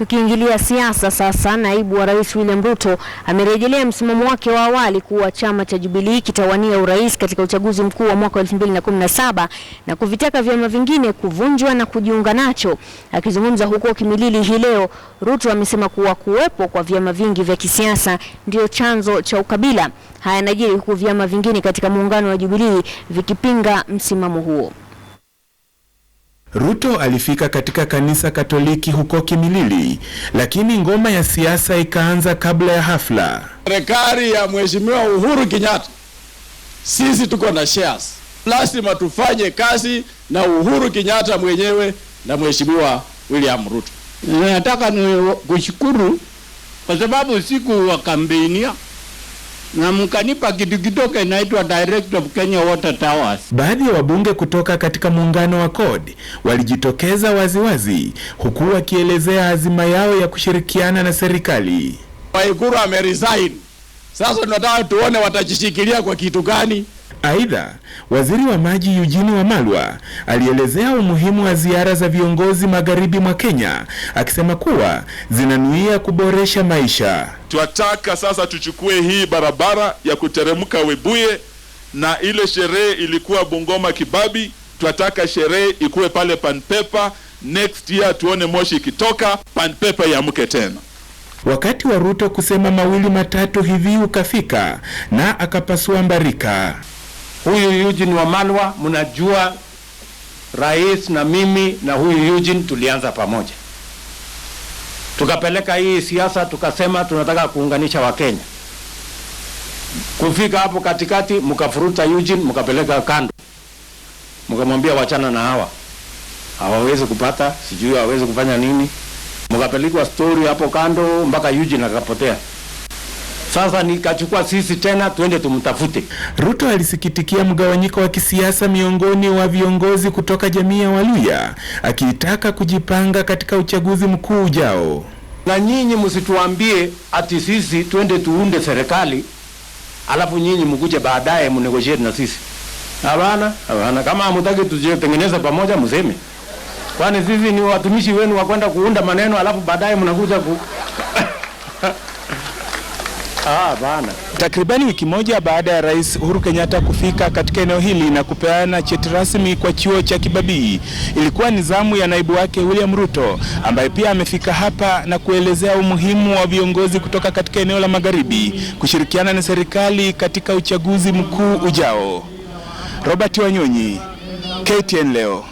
Tukiingilia siasa sasa, naibu wa rais William Ruto amerejelea msimamo wake wa awali kuwa chama cha Jubilee kitawania urais katika uchaguzi mkuu wa mwaka 2017 na kuvitaka vyama vingine kuvunjwa na kujiunga nacho. Akizungumza huko Kimilili hii leo, Ruto amesema kuwa kuwepo kwa vyama vingi vya kisiasa ndio chanzo cha ukabila. Haya yanajiri huku vyama vingine katika muungano wa Jubilee vikipinga msimamo huo. Ruto alifika katika kanisa Katoliki huko Kimilili, lakini ngoma ya siasa ikaanza kabla ya hafla. Serikali ya Mheshimiwa Uhuru Kenyatta, sisi tuko na shares, lazima tufanye kazi na Uhuru Kenyatta mwenyewe na Mheshimiwa William Ruto. Nataka ni kushukuru kwa sababu siku wa kampenia na mkanipa kitu kidogo inaitwa Director of Kenya Water Towers. Baadhi ya wabunge kutoka katika muungano wa CORD walijitokeza waziwazi wazi, huku wakielezea azima yao ya kushirikiana na serikali. Waiguru ameresign. Sasa tunataka tuone watajishikilia kwa kitu gani? Aidha, waziri wa maji Eugene Wamalwa alielezea umuhimu wa ziara za viongozi magharibi mwa Kenya akisema kuwa zinanuia kuboresha maisha. Twataka sasa tuchukue hii barabara ya kuteremka Webuye na ile sherehe ilikuwa Bungoma Kibabi, twataka sherehe ikuwe pale Panpepa. Next year tuone moshi ikitoka Panpepa, iamke tena. Wakati wa Ruto kusema mawili matatu hivi ukafika na akapasua mbarika. Huyu Eugene Wamalwa mnajua, rais na mimi na huyu Eugene tulianza pamoja, tukapeleka hii siasa, tukasema tunataka kuunganisha Wakenya. Kufika hapo katikati, mkafuruta Eugene, mkapeleka kando, mkamwambia wachana na hawa, hawawezi kupata sijui hawawezi kufanya nini, mkapelekwa story hapo kando mpaka Eugene akapotea. Sasa nikachukua sisi tena tuende tumtafute. Ruto alisikitikia mgawanyiko wa kisiasa miongoni wa viongozi kutoka jamii ya Waluya, akiitaka kujipanga katika uchaguzi mkuu ujao. Na nyinyi msituambie ati sisi twende tuunde serikali alafu nyinyi mkuje baadaye mnegotiate na sisi. Hapana, hapana. Kama hamtaki tujitengeneze pamoja, mseme, kwani sisi ni watumishi wenu wa kwenda kuunda maneno alafu baadaye mnakuja ku Ah, bana. Takribani wiki moja baada ya Rais Uhuru Kenyatta kufika katika eneo hili na kupeana cheti rasmi kwa chuo cha Kibabii, ilikuwa ni zamu ya naibu wake William Ruto ambaye pia amefika hapa na kuelezea umuhimu wa viongozi kutoka katika eneo la Magharibi kushirikiana na serikali katika uchaguzi mkuu ujao. Robert Wanyonyi, KTN leo.